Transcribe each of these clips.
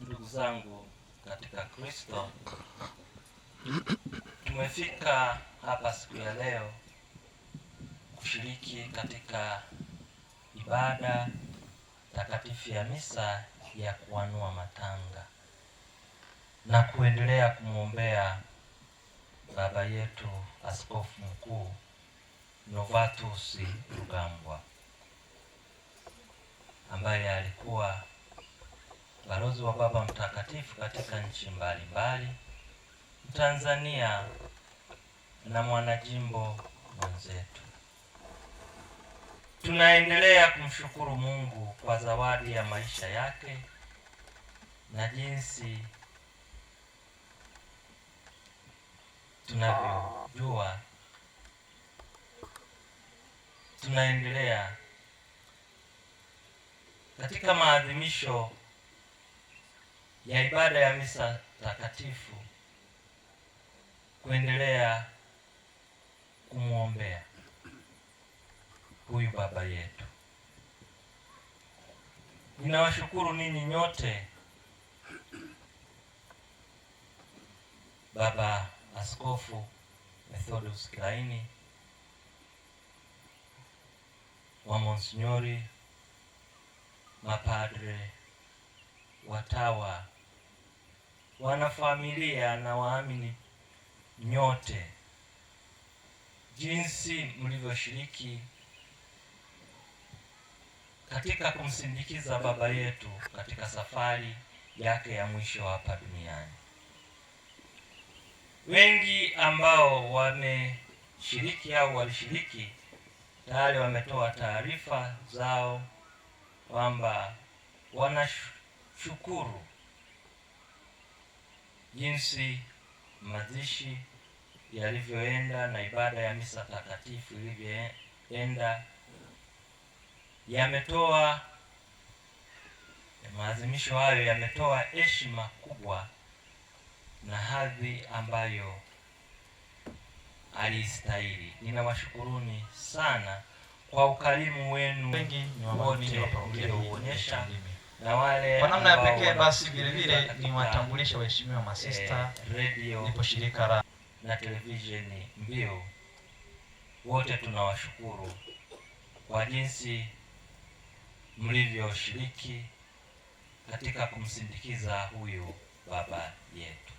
Ndugu zangu katika Kristo, tumefika hapa siku ya leo kushiriki katika ibada takatifu ya misa ya kuanua matanga na kuendelea kumwombea baba yetu askofu mkuu Novatus Rugambwa ambaye alikuwa balozi wa Baba Mtakatifu katika nchi mbalimbali, tanzania na mwanajimbo mwenzetu. Tunaendelea kumshukuru Mungu kwa zawadi ya maisha yake na jinsi tunavyojua tunaendelea katika maadhimisho ya ibada ya misa takatifu kuendelea kumwombea huyu baba yetu. Ninawashukuru ninyi nyote, Baba Askofu Methodius Kilaini wa monsinyori, mapadre, watawa, wanafamilia na waamini nyote, jinsi mlivyoshiriki katika kumsindikiza baba yetu katika safari yake ya mwisho hapa duniani. Wengi ambao wameshiriki au walishiriki tayari wametoa taarifa zao kwamba wanashukuru jinsi mazishi yalivyoenda na ibada ya misa takatifu ilivyoenda. Yametoa maadhimisho hayo, yametoa heshima kubwa na hadhi ambayo alistahili. Ninawashukuruni sana kwa ukarimu wenu wengi wote na wale kwa namna ya pekee. Basi vile vile niwatambulishe waheshimiwa masista eh, radio nipo shirika la na televisheni Mbiu, wote tunawashukuru kwa jinsi mlivyoshiriki katika kumsindikiza huyu baba yetu.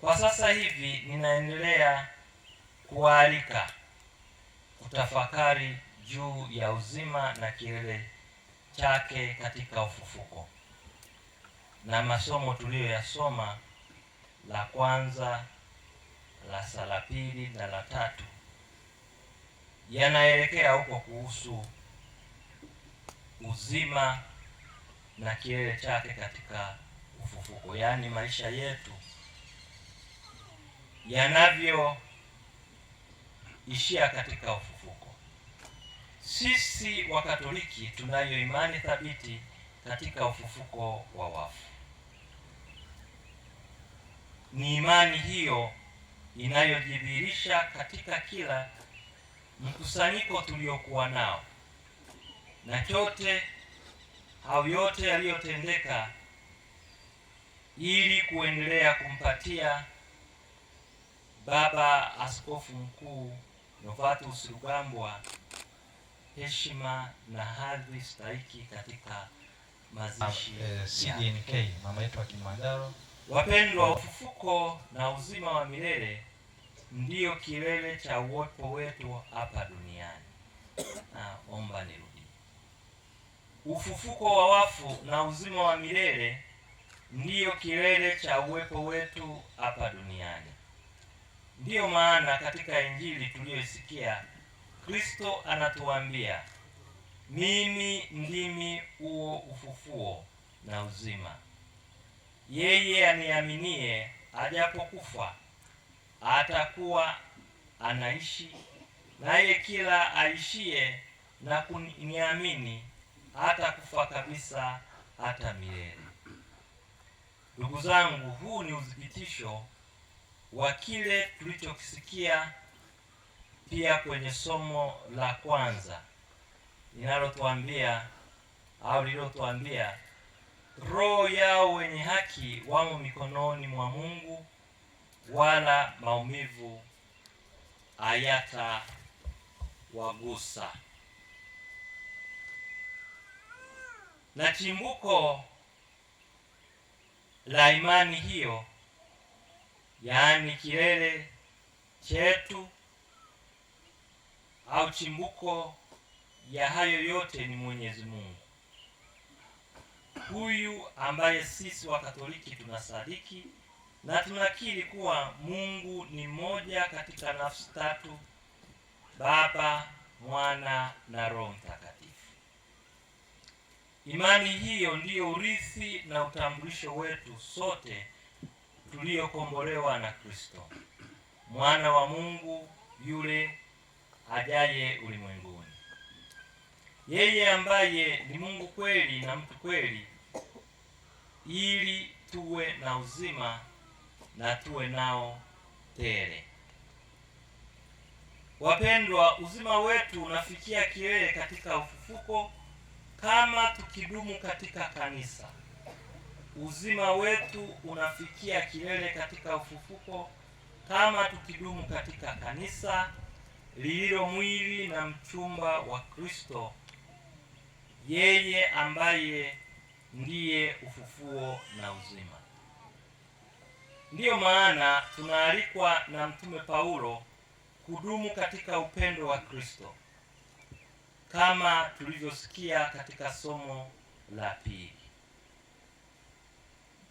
Kwa sasa hivi ninaendelea kualika kutafakari juu ya uzima na kilele chake katika ufufuko na masomo tuliyoyasoma la kwanza, la sa la pili na la tatu yanaelekea huko kuhusu uzima na kilele chake katika ufufuko, yaani maisha yetu yanavyo ishia katika ufufuko. Sisi Wakatoliki tunayo imani thabiti katika ufufuko wa wafu. Ni imani hiyo inayojidhihirisha katika kila mkusanyiko tuliokuwa nao na chote au yote yaliyotendeka ili kuendelea kumpatia Baba Askofu Mkuu Novatus Rugambwa heshima na hadhi stahiki katika mazishi eh, ya CDNK mama yetu wa Kilimanjaro. Wapendwa, ufufuko na uzima wa milele ndiyo kilele cha uwepo wetu hapa duniani. Naomba nirudi. Ufufuko wa wafu na uzima wa milele ndiyo kilele cha uwepo wetu hapa duniani. Ndiyo maana katika Injili tuliyoisikia Kristo anatuambia mimi ndimi huo ufufuo na uzima, yeye aniaminie ajapokufa atakuwa anaishi, naye kila aishie na kuniamini hata kufa kabisa hata milele. Ndugu zangu, huu ni uthibitisho wa kile tulichokisikia pia kwenye somo la kwanza linalotuambia au lililotuambia roho yao wenye haki wamo mikononi mwa Mungu, wala maumivu hayata wagusa. Na chimbuko la imani hiyo yaani kilele chetu au chimbuko ya hayo yote ni Mwenyezi Mungu huyu ambaye sisi wa Katoliki tunasadiki na tunakiri kuwa Mungu ni mmoja katika nafsi tatu: Baba, Mwana na Roho Mtakatifu. Imani hiyo ndiyo urithi na utambulisho wetu sote tuliyokombolewa na Kristo mwana wa Mungu yule ajaye ulimwenguni. Yeye ambaye ni Mungu kweli na mtu kweli, ili tuwe na uzima na tuwe nao tele. Wapendwa, uzima wetu unafikia kilele katika ufufuko, kama tukidumu katika kanisa uzima wetu unafikia kilele katika ufufuko, kama tukidumu katika kanisa lililo mwili na mchumba wa Kristo, yeye ambaye ndiye ufufuo na uzima. Ndiyo maana tunaalikwa na Mtume Paulo kudumu katika upendo wa Kristo, kama tulivyosikia katika somo la pili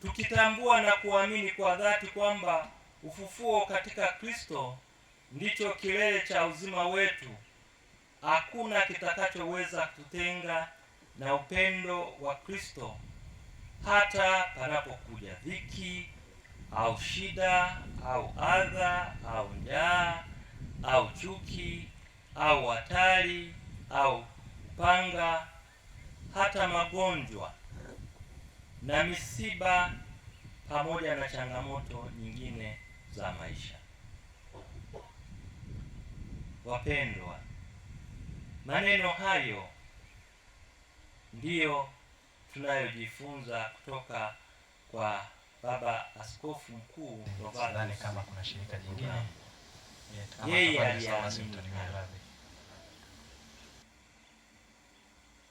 tukitambua na kuamini kwa dhati kwamba ufufuo katika Kristo ndicho kilele cha uzima wetu, hakuna kitakachoweza kututenga na upendo wa Kristo, hata panapokuja dhiki au shida au adha au njaa au chuki au hatari au upanga, hata magonjwa na misiba pamoja na changamoto nyingine za maisha. Wapendwa, maneno hayo ndiyo tunayojifunza kutoka kwa Baba Askofu Mkuu Robert. Kama kuna shirika jingine yeye aliamini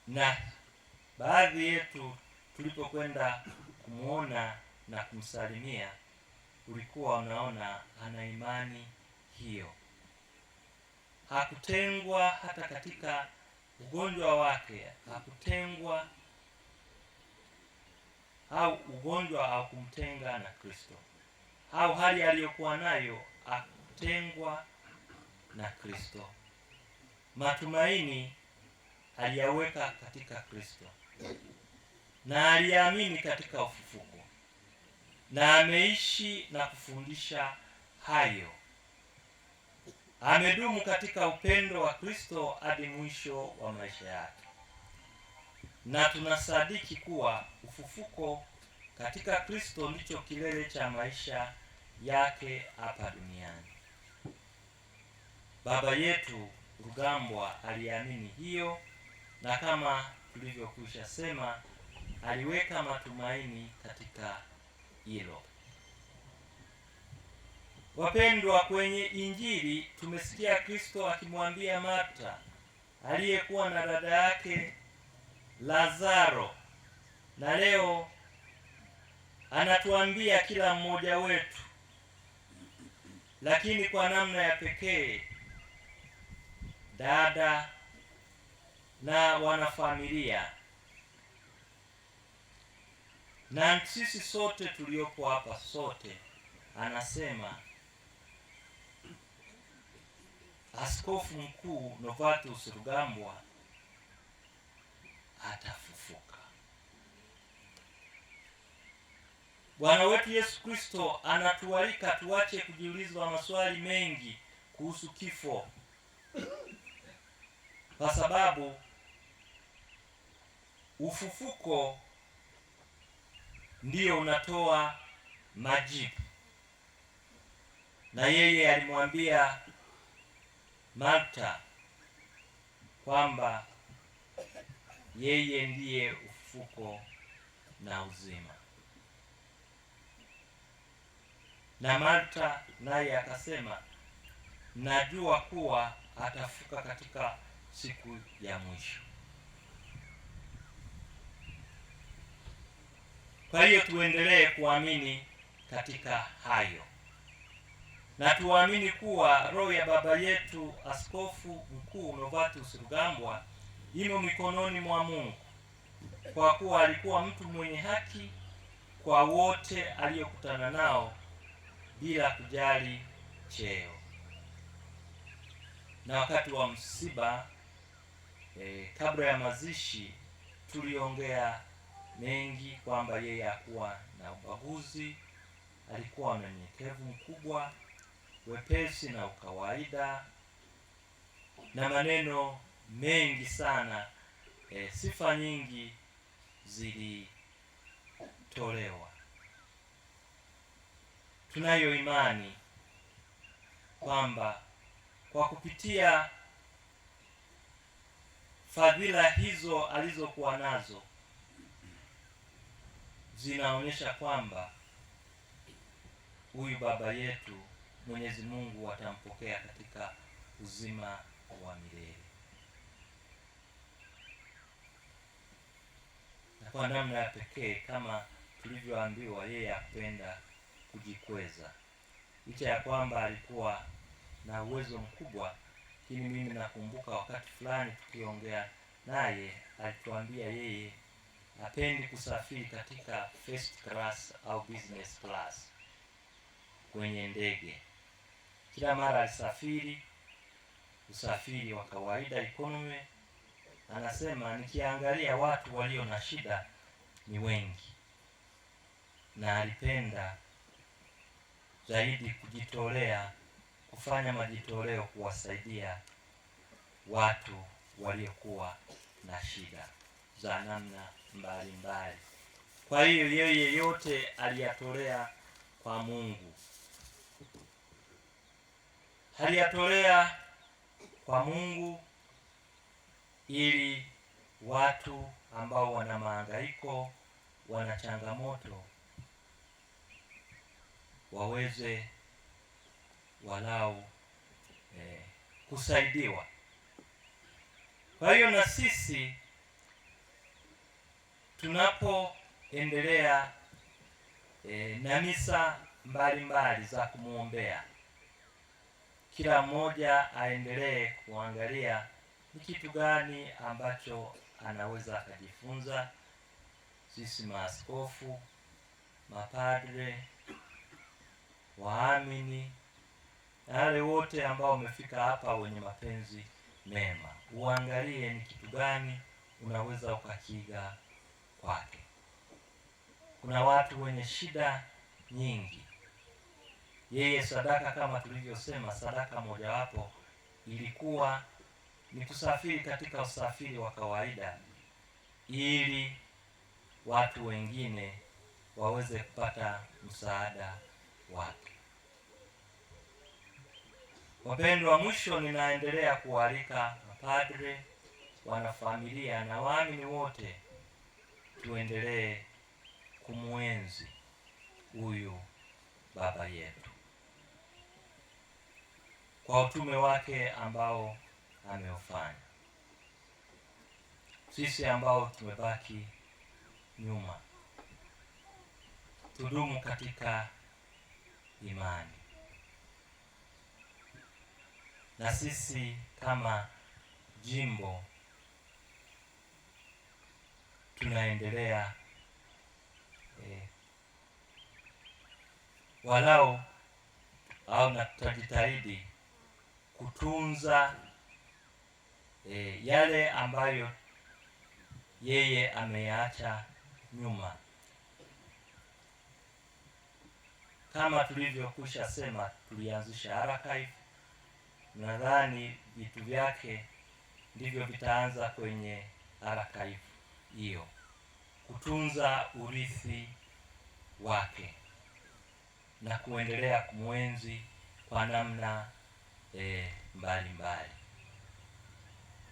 na baadhi yetu tulipokwenda kumwona na kumsalimia, ulikuwa unaona ana imani hiyo. Hakutengwa hata katika ugonjwa wake, hakutengwa au ugonjwa haukumtenga na Kristo, au hali aliyokuwa nayo hakutengwa na Kristo. Matumaini aliyaweka katika Kristo na aliamini katika ufufuko na ameishi na kufundisha hayo. Amedumu katika upendo wa Kristo hadi mwisho wa maisha yake, na tunasadiki kuwa ufufuko katika Kristo ndicho kilele cha maisha yake hapa duniani. Baba yetu Rugambwa aliamini hiyo, na kama tulivyokwisha sema aliweka matumaini katika hilo. Wapendwa, kwenye Injili tumesikia Kristo akimwambia Marta aliyekuwa na dada yake Lazaro, na leo anatuambia kila mmoja wetu, lakini kwa namna ya pekee dada na wanafamilia na sisi sote tuliopo hapa sote, anasema askofu mkuu Novatus Rugambwa atafufuka. Bwana wetu Yesu Kristo anatualika tuache kujiulizwa maswali mengi kuhusu kifo, kwa sababu ufufuko ndiye unatoa majibu. Na yeye alimwambia marta kwamba yeye ndiye ufufuko na uzima. Na marta naye akasema, najua kuwa atafuka katika siku ya mwisho. Kwa hiyo tuendelee kuamini katika hayo na tuamini kuwa roho ya baba yetu Askofu Mkuu Novatus Rugambwa imo mikononi mwa Mungu, kwa kuwa alikuwa mtu mwenye haki kwa wote aliyokutana nao bila kujali cheo. Na wakati wa msiba eh, kabla ya mazishi tuliongea mengi kwamba yeye hakuwa na ubaguzi, alikuwa na unyenyekevu mkubwa, wepesi na ukawaida, na maneno mengi sana e, sifa nyingi zilitolewa. Tunayo imani kwamba kwa kupitia fadhila hizo alizokuwa nazo zinaonyesha kwamba huyu baba yetu Mwenyezi Mungu atampokea katika uzima wa milele. Na kwa namna ya pekee kama tulivyoambiwa, yeye apenda kujikweza, licha ya kwamba alikuwa na uwezo mkubwa. Lakini mimi nakumbuka wakati fulani tukiongea naye alituambia yeye hapendi kusafiri katika first class au business class kwenye ndege. Kila mara alisafiri usafiri wa kawaida economy. Anasema nikiangalia watu walio na shida ni wengi, na alipenda zaidi kujitolea, kufanya majitoleo kuwasaidia watu waliokuwa na shida za namna mbalimbali. Kwa hiyo yeye yote aliyatolea kwa Mungu, aliyatolea kwa Mungu ili watu ambao wana mahangaiko, wana changamoto waweze walau eh, kusaidiwa. Kwa hiyo na sisi tunapoendelea e, eh, na misa mbalimbali za kumwombea, kila mmoja aendelee kuangalia ni kitu gani ambacho anaweza akajifunza. Sisi maaskofu, mapadre, waamini na wale wote ambao wamefika hapa wenye mapenzi mema, uangalie ni kitu gani unaweza ukakiga kwake. Kuna watu wenye shida nyingi. Yeye sadaka, kama tulivyosema, sadaka mojawapo ilikuwa ni kusafiri katika usafiri wa kawaida, ili watu wengine waweze kupata msaada wake. Wapendwa, mwisho ninaendelea kuwalika mapadre, wanafamilia na waamini wote tuendelee kumwenzi huyu baba yetu kwa utume wake ambao ameufanya. Sisi ambao tumebaki nyuma, tudumu katika imani, na sisi kama jimbo tunaendelea eh, walao au na tutajitahidi kutunza eh, yale ambayo yeye ameyaacha nyuma kama tulivyokusha sema, tulianzisha archive. Nadhani vitu vyake ndivyo vitaanza kwenye archive hiyo, kutunza urithi wake na kuendelea kumwenzi kwa namna e, mbalimbali.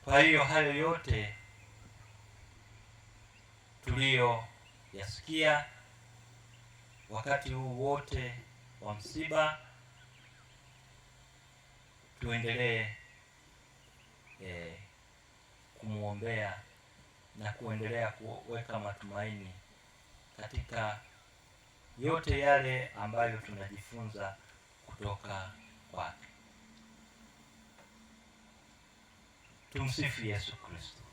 Kwa hiyo hayo yote yasikia wakati huu wote wa msiba, tuendelee e, kumwombea na kuendelea kuweka matumaini katika yote yale ambayo tunajifunza kutoka kwake. Tumsifu Yesu Kristo.